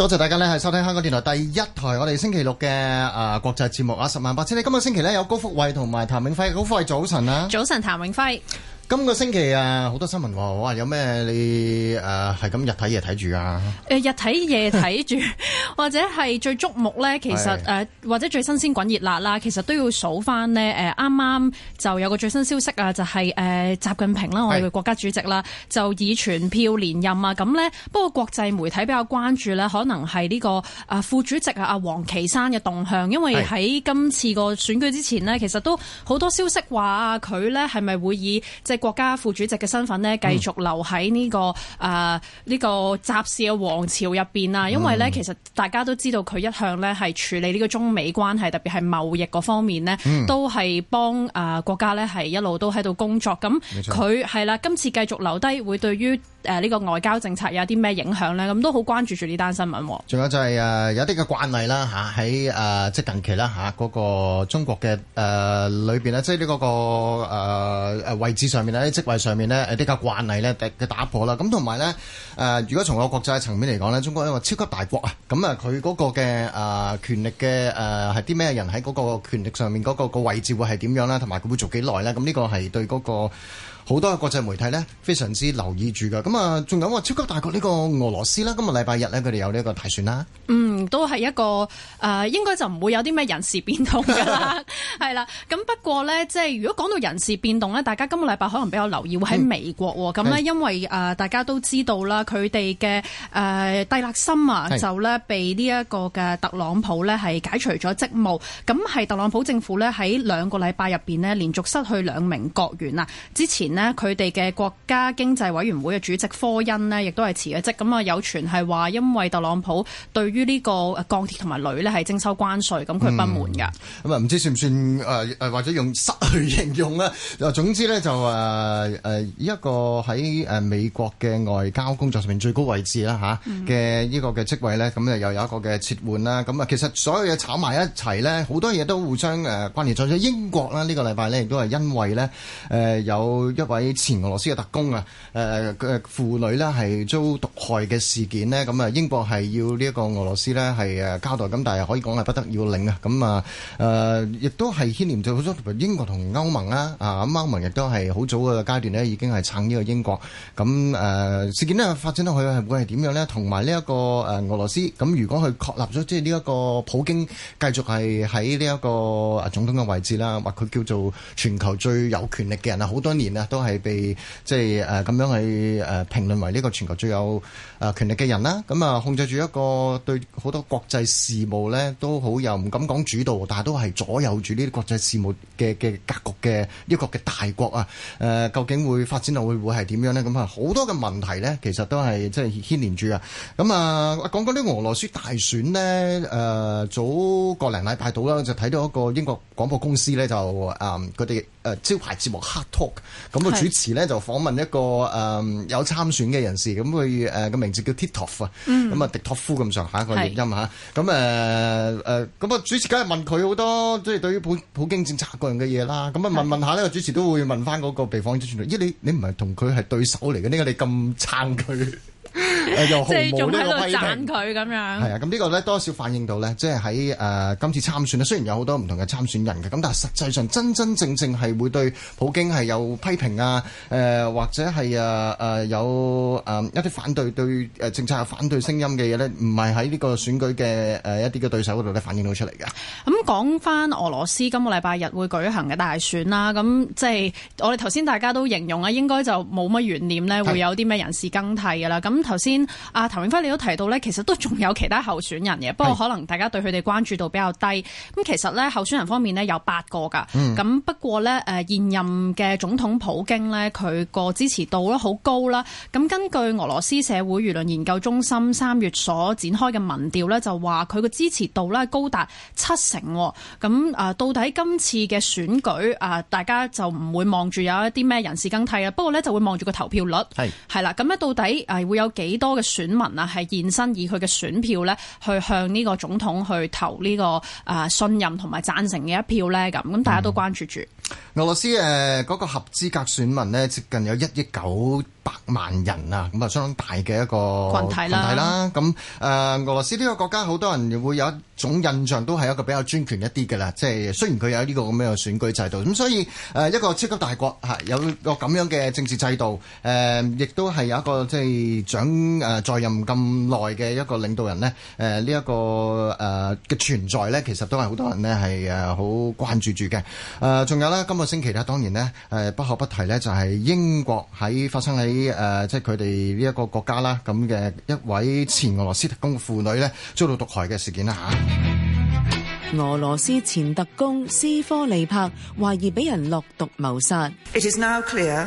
多謝大家咧，係收聽香港電台第一台，我哋星期六嘅誒國際節目啊，十萬八千里。呢今個星期咧有高福慧同埋譚永輝，高福慧早晨啊，早晨譚永輝。今個星期啊，好多新聞話，話有咩你誒係咁日睇夜睇住啊？日睇夜睇住、啊， 或者係最觸目咧，其實誒是的 或者最新鮮滾熱辣啦，其實都要數翻呢。誒啱啱就有個最新消息、就是、啊，就係誒習近平啦，我哋嘅國家主席啦，是的 就以全票連任啊！咁呢，不過國際媒體比較關注呢，可能係呢、這個啊副主席啊阿王岐山嘅動向，因為喺今次個選舉之前呢，其實都好多消息話啊佢呢係咪會以即？國家副主席嘅身份咧，繼續留喺呢、這個啊呢、嗯呃這個習氏嘅王朝入邊啦。因為咧，其實大家都知道佢一向咧係處理呢個中美關係，特別係貿易嗰方面咧，都係幫啊國家咧係一路都喺度工作。咁佢係啦，今次繼續留低，會對於。誒呢、呃，這個外交政策有啲咩影響咧？咁都好關注住呢單新聞。仲有就係、是、誒、呃、有啲嘅慣例啦喺誒即近期啦嗰個中國嘅誒裏面，咧、這個，即呢個個誒位置上面咧，職位上面咧有啲嘅慣例咧嘅打破啦。咁同埋咧誒，如果從個國際層面嚟講咧，中國一個超級大國啊，咁啊佢嗰個嘅誒、呃、權力嘅誒係啲咩人喺嗰個權力上面嗰個個位置會係點樣啦？同埋佢會做幾耐咧？咁、嗯、呢、這個係對嗰、那個。好多國際媒體呢非常之留意住㗎，咁啊仲有話超級大國呢個俄羅斯啦，今日禮拜日呢，佢哋有呢個大選啦。嗯，都係一個誒、呃，應該就唔會有啲咩人事變動㗎啦，係 啦。咁不過呢，即係如果講到人事變動呢，大家今個禮拜可能比較留意會喺美國喎。咁呢，因為誒、呃、大家都知道啦，佢哋嘅誒蒂勒森啊，是就呢被呢一個嘅特朗普呢係解除咗職務。咁係特朗普政府呢，喺兩個禮拜入邊呢連續失去兩名國員啊，之前呢佢哋嘅國家經濟委員會嘅主席科恩呢，亦都係辭咗職。咁啊，有傳係話，因為特朗普對於呢個鋼鐵同埋鋁咧，係徵收關稅，咁佢不滿嘅。咁啊、嗯，唔知道算唔算誒誒、呃，或者用失去形容咧？總之咧，就誒誒，依、呃呃、一個喺誒美國嘅外交工作上面最高位置啦吓嘅呢個嘅職位咧，咁啊又有一個嘅撤換啦。咁啊，其實所有嘢炒埋一齊咧，好多嘢都互相誒、呃、關聯在咗。英國咧，這個、呢個禮拜咧，亦都係因為咧誒、呃、有，一位前俄羅斯嘅特工啊，誒嘅婦女咧係遭毒害嘅事件咧，咁啊英國係要呢一個俄羅斯咧係誒交代，咁但係可以講係不得要領啊，咁啊誒亦都係牽連咗好多，英國同歐盟啊，啊歐盟亦都係好早嘅階段咧已經係撐呢個英國，咁誒事件咧發展到去係會係點樣咧？同埋呢一個誒俄羅斯，咁如果佢確立咗即係呢一個普京繼續係喺呢一個總統嘅位置啦，或佢叫做全球最有權力嘅人啊，好多年啊！都係被即係誒咁樣去誒評論為呢個全球最有誒權力嘅人啦，咁啊控制住一個對好多國際事務咧都好，又唔敢講主導，但係都係左右住呢啲國際事務嘅嘅格局嘅呢個嘅大國啊！誒究竟會發展到會會係點樣咧？咁啊，好多嘅問題咧，其實都係即係牽連住啊！咁啊，講講啲俄羅斯大選咧，誒早個零禮拜到啦，就睇到一個英國廣播公司咧就誒佢哋誒招牌節目 HARDtalk 咁個主持咧就訪問一個誒、嗯、有參選嘅人士，咁佢誒個名字叫 Tito 啊、嗯，咁啊迪托夫咁上下一個譯音嚇，咁誒誒，咁啊主持梗係問佢好多，即係對於普普京政策各樣嘅嘢啦，咁啊問問下呢個是主持都會問翻嗰個被訪者傳媒，咦你你唔係同佢係對手嚟嘅？點解你咁撐佢？即係仲喺度讚佢咁樣，係啊，咁呢個咧多少反映到咧，即係喺誒今次參選呢，雖然有好多唔同嘅參選人嘅，咁但係實際上真真正正係會對普京係有批評啊，誒、呃、或者係啊、呃、有誒、呃、一啲反對對誒政策反對聲音嘅嘢咧，唔係喺呢個選舉嘅誒、呃、一啲嘅對手嗰度咧反映到出嚟嘅。咁講翻俄羅斯今個禮拜日會舉行嘅大選啦，咁即係我哋頭先大家都形容啊，應該就冇乜懸念咧，會有啲咩人事更替㗎啦。咁頭先。阿譚永輝，你都提到咧，其實都仲有其他候選人嘅，是不過可能大家對佢哋關注度比較低。咁其實咧，候選人方面呢，有八個噶，咁不過咧，誒現任嘅總統普京呢，佢個支持度咧好高啦。咁根據俄羅斯社會輿論研究中心三月所展開嘅民調咧，就話佢個支持度咧高達七成。咁啊，到底今次嘅選舉啊，大家就唔會望住有一啲咩人事更替啦，不過咧就會望住個投票率係係啦。咁咧是到底誒會有幾多？多嘅選民啊，係現身以佢嘅選票咧，去向呢個總統去投呢個啊信任同埋贊成嘅一票咧，咁咁大家都關注住。嗯俄羅斯誒嗰個合資格選民呢，接近有一億九百萬人啊，咁啊相當大嘅一個群體，群體啦。咁誒，俄羅斯呢個國家好多人會有一種印象，都係一個比較專權一啲嘅啦。即係雖然佢有呢個咁樣嘅選舉制度，咁所以誒一個超級大國，有個咁樣嘅政治制度，誒亦都係有一個即係長誒在任咁耐嘅一個領導人呢。誒呢一個誒嘅存在呢，其實都係好多人呢係誒好關注住嘅。誒仲有呢。今個星期咧，當然咧，誒，不可不提咧，就係英國喺發生喺誒，即係佢哋呢一個國家啦咁嘅一位前俄羅斯特工婦女咧遭到毒害嘅事件啦吓。俄羅斯前特工斯科利帕懷疑俾人落毒謀殺。It is now clear.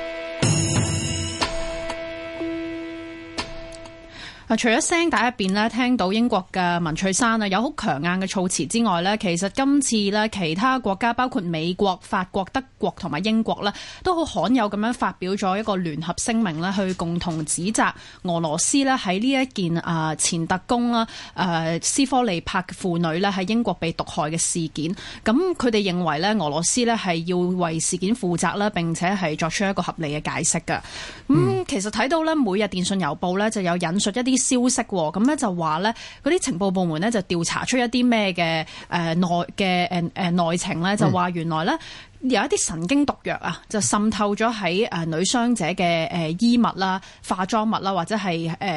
除咗聲帶入邊咧聽到英國嘅文翠山文翠珊啊有好強硬嘅措辭之外咧，其實今次咧其他國家包括美國、法國、德國同埋英國咧都好罕有咁樣發表咗一個聯合聲明咧，去共同指責俄羅斯咧喺呢一件啊、呃、前特工啦誒斯科利帕父女咧喺英國被毒害嘅事件。咁佢哋認為咧，俄羅斯咧係要為事件負責啦，並且係作出一個合理嘅解釋嘅。咁、嗯嗯、其實睇到咧，《每日電訊郵報》咧就有引述一啲。消息喎，咁咧就話咧，嗰啲情報部門咧就調查出一啲咩嘅誒內嘅誒誒內情咧，就話原來咧。嗯有一啲神經毒藥啊，就滲透咗喺女傷者嘅誒衣物啦、化妝物啦，或者係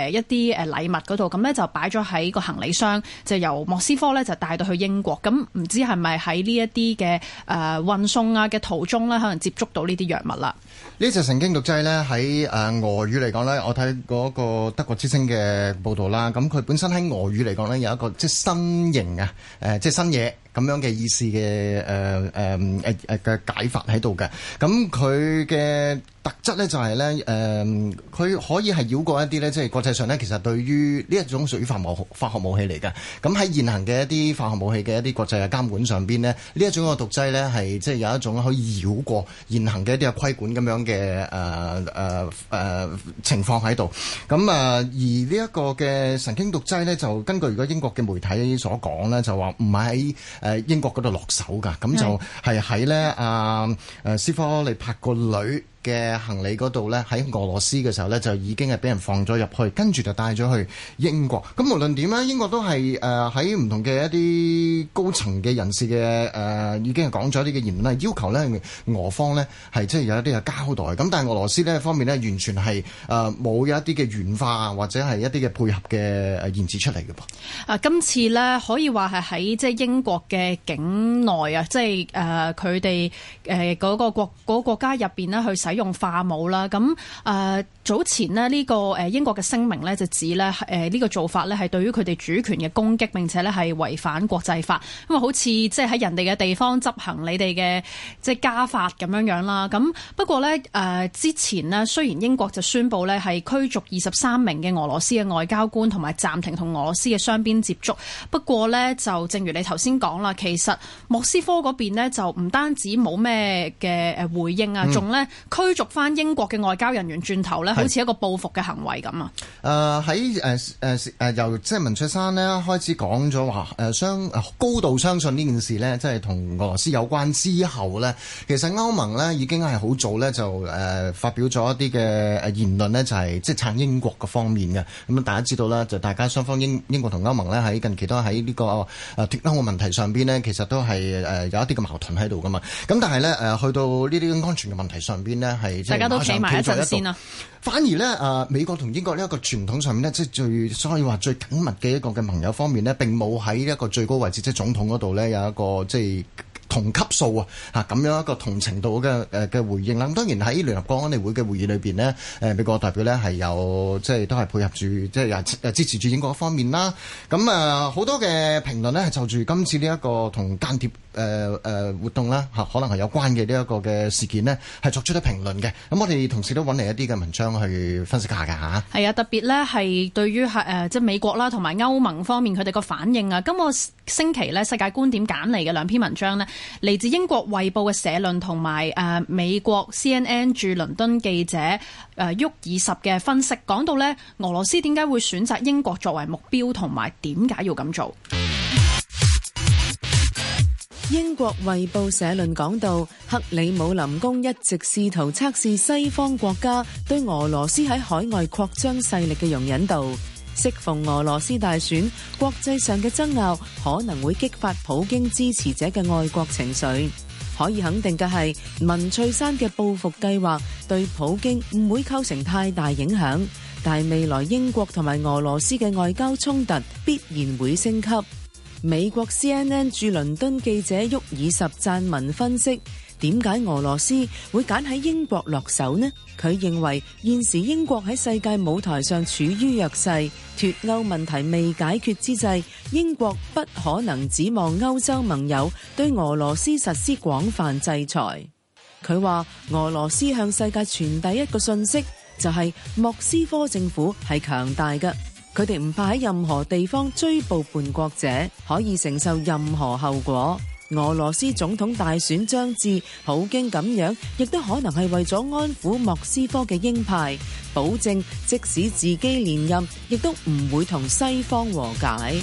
一啲誒禮物嗰度，咁咧就擺咗喺個行李箱，就由莫斯科咧就帶到去英國。咁唔知係咪喺呢一啲嘅誒運送啊嘅途中咧，可能接觸到呢啲藥物啦？呢隻神經毒劑咧喺誒俄語嚟講咧，我睇嗰個德國之聲嘅報導啦，咁佢本身喺俄語嚟講咧有一個即係新型啊，誒即係新嘢。咁樣嘅意思嘅誒誒誒誒嘅解法喺度嘅，咁佢嘅。特質咧就係、是、咧，誒、嗯，佢可以係繞過一啲咧，即係國際上咧，其實對於呢一種屬於化學武化學武器嚟嘅，咁喺現行嘅一啲化學武器嘅一啲國際嘅監管上邊呢，呢一種嘅毒劑咧係即係有一種可以繞過現行嘅一啲嘅規管咁樣嘅誒誒情況喺度。咁、呃、啊，而呢一個嘅神經毒劑咧，就根據如果英國嘅媒體所講咧，就話唔係喺誒英國嗰度落手噶，咁就係喺咧阿誒斯科利帕個女。嘅行李嗰度咧，喺俄羅斯嘅時候咧，就已經係俾人放咗入去，跟住就帶咗去英國。咁無論點咧，英國都係誒喺唔同嘅一啲高層嘅人士嘅誒、呃、已經係講咗一啲嘅言論要求咧俄方咧係即係有一啲嘅交代。咁但係俄羅斯咧方面咧，完全係誒冇有一啲嘅軟化啊，或者係一啲嘅配合嘅誒言辭出嚟嘅噃。啊，今次咧可以話係喺即係英國嘅境內啊，即係誒佢哋誒個國國嗰、嗰個、國家入邊咧去使。用化武啦，咁、嗯、誒，早前呢，呢個誒英國嘅聲明呢，就指呢，誒呢個做法呢，係對於佢哋主權嘅攻擊，並且呢，係違反國際法，因為好似即係喺人哋嘅地方執行你哋嘅即係家法咁樣樣啦。咁不過呢，誒之前呢，雖然英國就宣布呢，係驅逐二十三名嘅俄羅斯嘅外交官，同埋暫停同俄羅斯嘅雙邊接觸。不過呢，就正如你頭先講啦，其實莫斯科嗰邊、嗯、呢，就唔單止冇咩嘅誒回應啊，仲呢。追逐翻英國嘅外交人員轉頭咧，好似一個報復嘅行為咁啊！誒喺誒誒誒由即係文卓山呢開始講咗話誒相高度相信呢件事呢，即係同俄羅斯有關之後呢，其實歐盟呢已經係好早呢就誒、呃、發表咗一啲嘅誒言論呢，就係即係撐英國嘅方面嘅。咁大家知道啦，就大家雙方英英國同歐盟呢，喺近期都喺呢、呢個誒脫歐嘅問題上邊呢，其實都係誒有一啲嘅矛盾喺度噶嘛。咁但係呢，誒、呃、去到呢啲安全嘅問題上邊呢。大家都企埋一陣先啦。反而咧，誒美國同英國呢一個傳統上面咧，即係最所以話最緊密嘅一個嘅盟友方面咧，並冇喺一個最高位置，即係總統嗰度咧，有一個即係。就是同級數啊，嚇咁樣一個同程度嘅嘅回應啦。當然喺聯合國安理會嘅會議裏面呢，美國代表呢係有即係都係配合住，即係支持住英國一方面啦。咁啊好多嘅評論咧，就住今次呢一個同間諜誒、呃、活動啦，可能係有關嘅呢一個嘅事件呢，係作出咗評論嘅。咁我哋同事都揾嚟一啲嘅文章去分析下嘅嚇。係啊，特別呢係對於係即係美國啦同埋歐盟方面佢哋個反應啊。今個星期呢，世界觀點揀嚟嘅兩篇文章呢。嚟自英國《衛報》嘅社論同埋誒美國 CNN 駐倫敦記者誒沃爾什嘅分析，講到呢俄羅斯點解會選擇英國作為目標，同埋點解要咁做？英國《衛報》社論講到，克里姆林宮一直試圖測試西方國家對俄羅斯喺海外擴張勢力嘅容忍度。適逢俄羅斯大選，國際上嘅爭拗可能會激發普京支持者嘅愛國情緒。可以肯定嘅係，文翠山嘅報復計劃對普京唔會構成太大影響。但未來英國同埋俄羅斯嘅外交衝突必然會升級。美國 CNN 駐倫敦記者沃爾什撰文分析。點解俄羅斯會揀喺英國落手呢？佢認為現時英國喺世界舞台上處於弱勢，脫歐問題未解決之際，英國不可能指望歐洲盟友對俄羅斯實施廣泛制裁。佢話俄羅斯向世界傳遞一個訊息，就係莫斯科政府係強大嘅，佢哋唔怕喺任何地方追捕叛國者，可以承受任何後果。俄羅斯總統大選將至，普京咁樣亦都可能係為咗安撫莫斯科嘅鷹派，保證即使自己連任，亦都唔會同西方和解。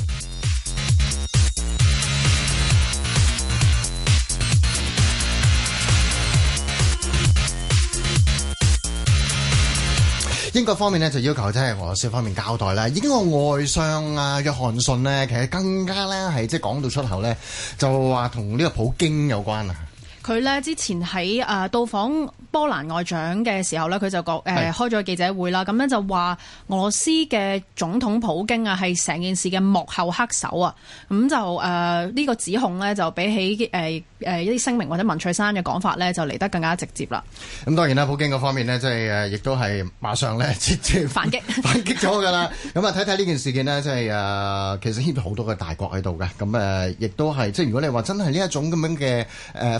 英國方面咧就要求即係俄羅斯方面交代啦，英國外相啊約翰遜咧其實更加咧係即係講到出口咧就話同呢個普京有關啊，佢咧之前喺啊到訪波蘭外長嘅時候呢，佢就講誒，開咗記者會啦，咁咧是就話俄羅斯嘅總統普京啊係成件事嘅幕後黑手啊，咁就誒呢、呃這個指控呢，就比起誒誒、呃、一啲聲明或者文翠珊嘅講法呢，就嚟得更加直接啦。咁當然啦，普京嗰方面呢，即係誒亦都係馬上呢，直接反擊 反擊咗㗎啦。咁啊睇睇呢件事件呢，即係誒其實牽涉好多個大國喺度嘅，咁誒亦都係即係如果你話真係呢一種咁樣嘅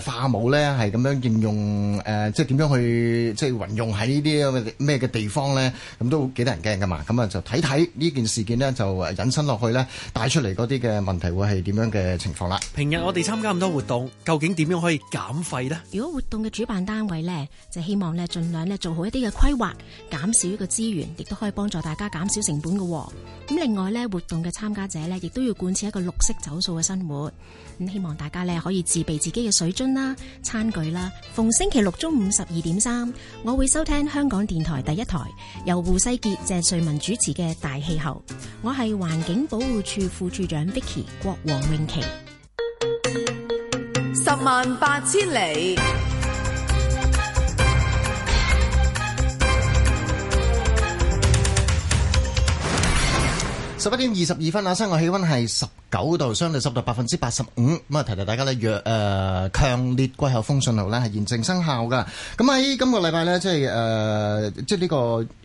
誒化武呢，係咁樣應用誒即係點？咁去即係運用喺呢啲咩嘅地方咧，咁都幾得人驚噶嘛。咁啊就睇睇呢件事件呢，就引申落去咧，帶出嚟嗰啲嘅問題會係點樣嘅情況啦。平日我哋參加咁多活動，究竟點樣可以減廢呢？如果活動嘅主辦單位咧，就希望咧盡量咧做好一啲嘅規劃，減少呢個資源，亦都可以幫助大家減少成本噶。咁另外咧，活動嘅參加者咧，亦都要貫徹一個綠色走塑嘅生活。咁希望大家咧可以自備自己嘅水樽啦、餐具啦，逢星期六中午十二點三，3，我會收聽香港電台第一台，由胡世杰、謝瑞文主持嘅《大氣候》。我係環境保護處副處長 Vicky 國王永琪。十萬八千里。十一點二十二分啊！室外氣溫係十。九度相對濕度百分之八十五咁啊！提提大家咧，弱誒、呃、強烈季候風信號咧係現正生效噶。咁喺今個禮拜咧，即係誒，即係呢個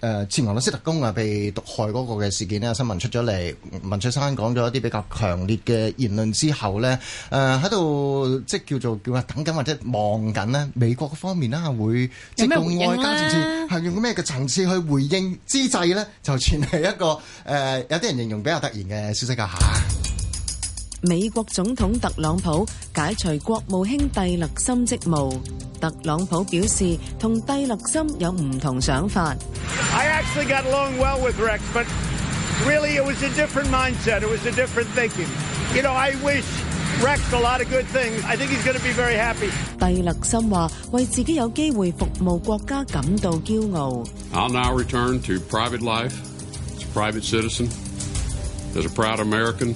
誒前俄羅斯特工啊被毒害嗰個嘅事件呢，新聞出咗嚟，文翠珊講咗一啲比較強烈嘅言論之後咧，誒喺度即叫做叫等緊或者望緊呢美國嗰方面啦，會即用外交層次係用咩嘅層次去回應之際咧，就傳嚟一個誒、呃、有啲人形容比較突然嘅消息噶嚇。美國總統特朗普解除國務卿蒂勒森職務。特朗普表示同蒂勒森有唔同想法。I actually got along well with Rex, but really it was a different mindset, it was a different thinking. You know, I wish Rex a lot of good things. I think he's going to be very happy. 蒂勒森話為自己有機會服務國家感到驕傲。I'll now return to private life as a private citizen, as a proud American.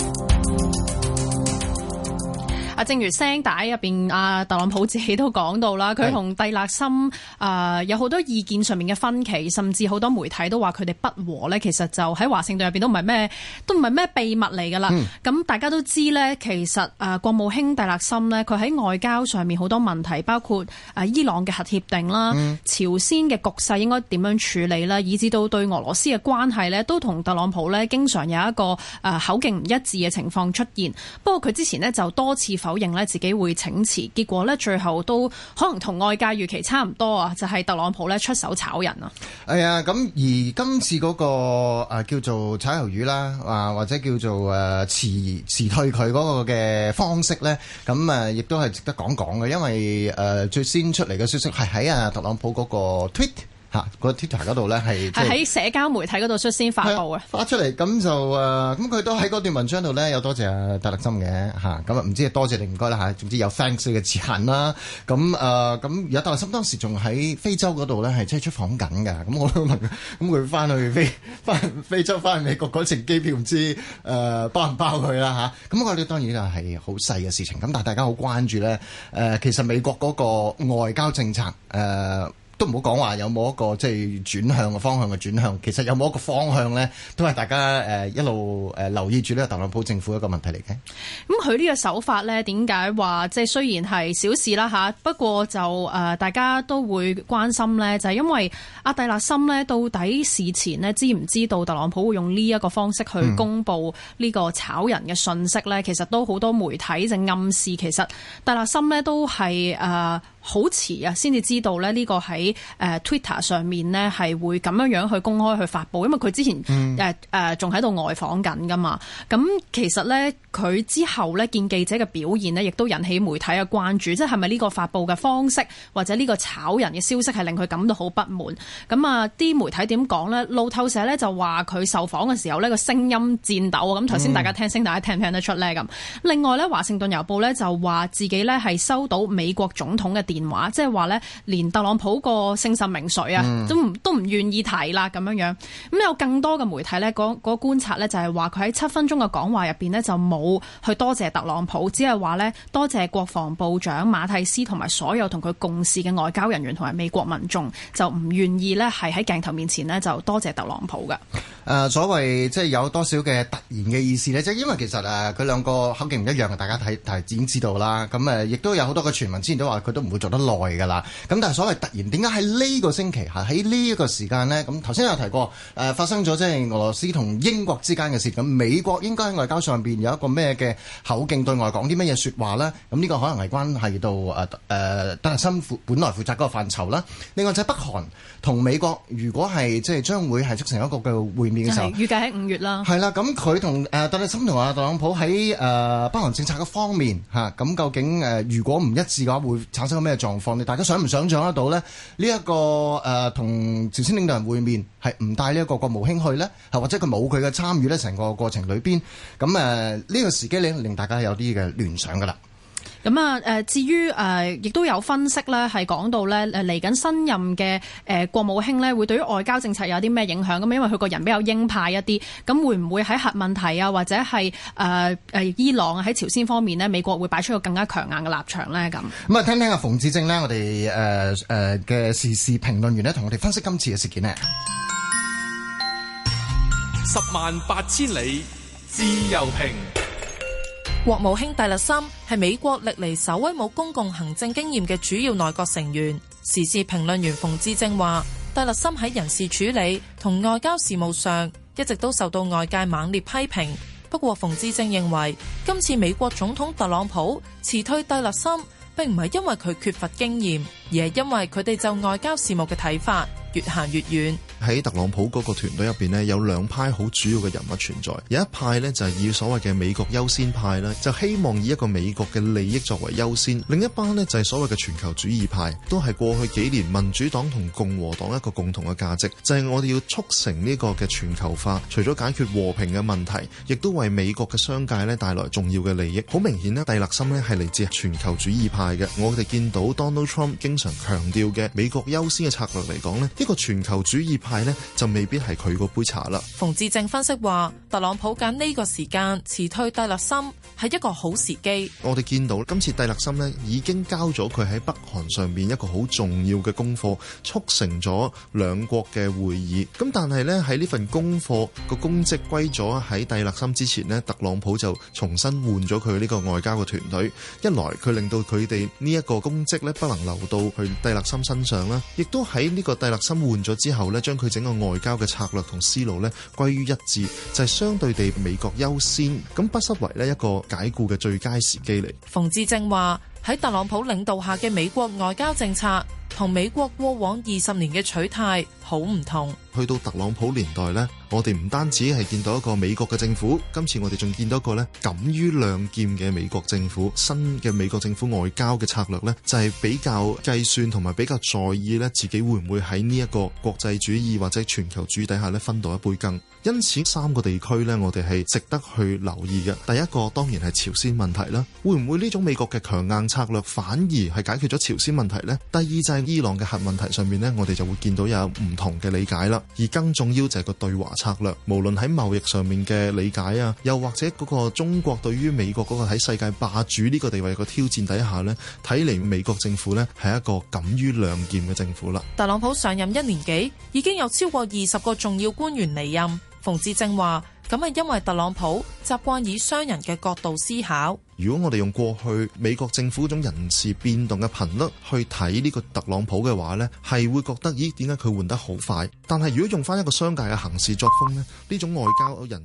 正如聲帶入面啊特朗普自己都講到啦，佢同蒂勒森啊、呃、有好多意見上面嘅分歧，甚至好多媒體都話佢哋不和呢，其實就喺華盛頓入面都唔係咩，都唔係咩秘密嚟噶啦。咁、嗯、大家都知呢，其實啊、呃、國務卿蒂勒森呢，佢喺外交上面好多問題，包括啊伊朗嘅核協定啦、嗯、朝鮮嘅局勢應該點樣處理啦，以至到對俄羅斯嘅關係呢，都同特朗普呢經常有一個啊口徑唔一致嘅情況出現。不過佢之前呢，就多次否認咧，自己會請辭，結果咧，最後都可能同外界預期差唔多啊，就係、是、特朗普咧出手炒人啊。係啊、哎，咁而今次嗰、那個誒、啊、叫做炒魷魚啦，啊或者叫做誒辭辭退佢嗰個嘅方式咧，咁誒亦都係值得講講嘅，因為誒、啊、最先出嚟嘅消息係喺啊特朗普嗰個 tweet 吓個 Twitter 嗰度咧係喺社交媒體嗰度率先發布嘅，發出嚟咁就誒，咁佢都喺嗰段文章度咧有多謝阿蒂勒森嘅嚇，咁啊唔知多謝你唔該啦嚇，總之有 thanks 嘅字眼啦，咁誒咁有蒂勒森當時仲喺非洲嗰度咧係即係出訪緊嘅，咁我問咁佢翻去非翻非洲翻去美國嗰程機票唔知誒、呃、包唔包佢啦嚇，咁我哋當然就係好細嘅事情，咁但大家好關注咧、呃，其實美國嗰個外交政策誒。呃都唔好講話有冇一個即係轉向嘅方向嘅轉向，其實有冇一個方向呢？都係大家誒、呃、一路誒留意住呢個特朗普政府一個問題嚟嘅。咁佢呢個手法呢，點解話即係雖然係小事啦嚇，不過就誒、呃、大家都會關心呢，就係、是、因為阿蒂勒森呢，到底事前呢知唔知道特朗普會用呢一個方式去公布呢個炒人嘅訊息呢？嗯、其實都好多媒體就暗示，其實蒂勒森呢都係誒。呃好遲啊，先至知道呢。呢個喺誒 Twitter 上面呢，係會咁樣樣去公開去發布，因為佢之前誒仲喺度外訪緊噶嘛。咁其實呢，佢之後呢，見記者嘅表現呢，亦都引起媒體嘅關注，即係咪呢個發布嘅方式或者呢個炒人嘅消息係令佢感到好不滿？咁啊啲媒體點講呢？路透社呢，就話佢受訪嘅時候呢，個聲音顫抖啊！咁頭先大家聽聲，大家聽唔聽得出呢？咁另外呢，《華盛頓郵報》呢，就話自己呢，係收到美國總統嘅。電話即係話咧，連特朗普個姓甚名誰啊，都唔都唔願意提啦咁樣樣。咁有更多嘅媒體呢，嗰嗰觀察呢，就係話佢喺七分鐘嘅講話入邊呢，就冇去多謝、謝特朗普，只係話呢，多謝國防部長馬蒂斯同埋所有同佢共事嘅外交人員同埋美國民眾，就唔願意呢，係喺鏡頭面前呢，就多謝特朗普噶。誒，所謂即係有多少嘅突然嘅意思呢？即係因為其實誒佢兩個口徑唔一樣嘅，大家睇睇已經知道啦。咁誒，亦都有好多嘅傳聞，之前都話佢都唔會。做得耐㗎啦，咁但係所謂突然，點解喺呢個星期喺呢一個時間呢？咁頭先有提過，誒、呃、發生咗即係俄羅斯同英國之間嘅事，咁美國應該喺外交上面有一個咩嘅口徑對外講啲乜嘢說話呢？咁、嗯、呢、這個可能係關係到誒誒蒂勒森本來負責嗰個範疇啦。另外就係北韓同美國，如果係即係將會係促成一個嘅會面嘅時候，預計喺五月啦。係啦、啊，咁佢同誒蒂勒森同阿特朗普喺誒、呃、北韓政策嘅方面咁、啊、究竟誒、呃、如果唔一致嘅話，會產生咩？嘅狀況咧，大家想唔想象得到咧、這個？呢一個誒同朝鮮領導人會面，係唔帶呢一個國務卿去咧，係或者佢冇佢嘅參與咧，成個過程裏邊，咁誒呢個時機咧令大家有啲嘅聯想噶啦。咁啊，誒至於誒、呃，亦都有分析咧，係講到咧，嚟緊新任嘅誒、呃、國務卿呢會對於外交政策有啲咩影響？咁因為佢個人比較鷹派一啲，咁會唔會喺核問題啊，或者係誒、呃、伊朗啊，喺朝鮮方面呢美國會擺出個更加強硬嘅立場咧？咁咁啊，聽聽阿、啊、馮智政呢，我哋誒嘅時事評論員呢，同我哋分析今次嘅事件呢，十萬八千里自由評。國務卿蒂勒森係美國歷嚟首位冇公共行政經驗嘅主要內閣成員。時事評論員馮智政話，蒂勒森喺人事處理同外交事務上一直都受到外界猛烈批評。不過，馮智政認為今次美國總統特朗普辭退蒂勒森，並唔係因為佢缺乏經驗，而係因為佢哋就外交事務嘅睇法越行越遠。喺特朗普嗰個團隊入邊咧，有兩派好主要嘅人物存在。有一派咧就係以所謂嘅美國優先派咧，就希望以一個美國嘅利益作為優先；另一班咧就係所謂嘅全球主義派，都係過去幾年民主黨同共和黨一個共同嘅價值，就係我哋要促成呢個嘅全球化。除咗解決和平嘅問題，亦都為美國嘅商界咧帶來重要嘅利益。好明顯咧，蒂勒森咧係嚟自全球主義派嘅。我哋見到 Donald Trump 經常強調嘅美國優先嘅策略嚟講咧，呢、這個全球主義派。係呢就未必係佢嗰杯茶啦。馮智政分析話，特朗普揀呢個時間辭退蒂勒森係一個好時機。我哋見到今次蒂勒森呢已經交咗佢喺北韓上面一個好重要嘅功課，促成咗兩國嘅會議。咁但係呢，喺呢份功課個功績歸咗喺蒂勒森之前呢，特朗普就重新換咗佢呢個外交嘅團隊。一來佢令到佢哋呢一個功績呢不能留到去蒂勒森身上啦，亦都喺呢個蒂勒森換咗之後呢，將。佢整個外交嘅策略同思路咧，歸於一致，就係、是、相對地美國優先，咁不失為呢一個解僱嘅最佳時機嚟。馮智政話。喺特朗普領導下嘅美國外交政策，同美國過往二十年嘅取態好唔同。去到特朗普年代咧，我哋唔單止係見到一個美國嘅政府，今次我哋仲見到一個咧敢於亮劍嘅美國政府。新嘅美國政府外交嘅策略咧，就係比較計算同埋比較在意咧自己會唔會喺呢一個國際主義或者全球主義底下咧分到一杯羹。因此三個地區咧，我哋係值得去留意嘅。第一個當然係朝鮮問題啦，會唔會呢種美國嘅強硬策略反而係解決咗朝鮮問題咧。第二就係伊朗嘅核問題上面咧，我哋就會見到有唔同嘅理解啦。而更重要就係個對華策略，無論喺貿易上面嘅理解啊，又或者嗰個中國對於美國嗰個喺世界霸主呢個地位嘅挑戰底下咧，睇嚟美國政府咧係一個敢於亮劍嘅政府啦。特朗普上任一年幾，已經有超過二十個重要官員離任。馮智政話。咁啊，因為特朗普習慣以商人嘅角度思考。如果我哋用過去美國政府嗰種人事變動嘅頻率去睇呢個特朗普嘅話咧，係會覺得咦，點解佢換得好快？但係如果用翻一個商界嘅行事作風咧，呢種外交人。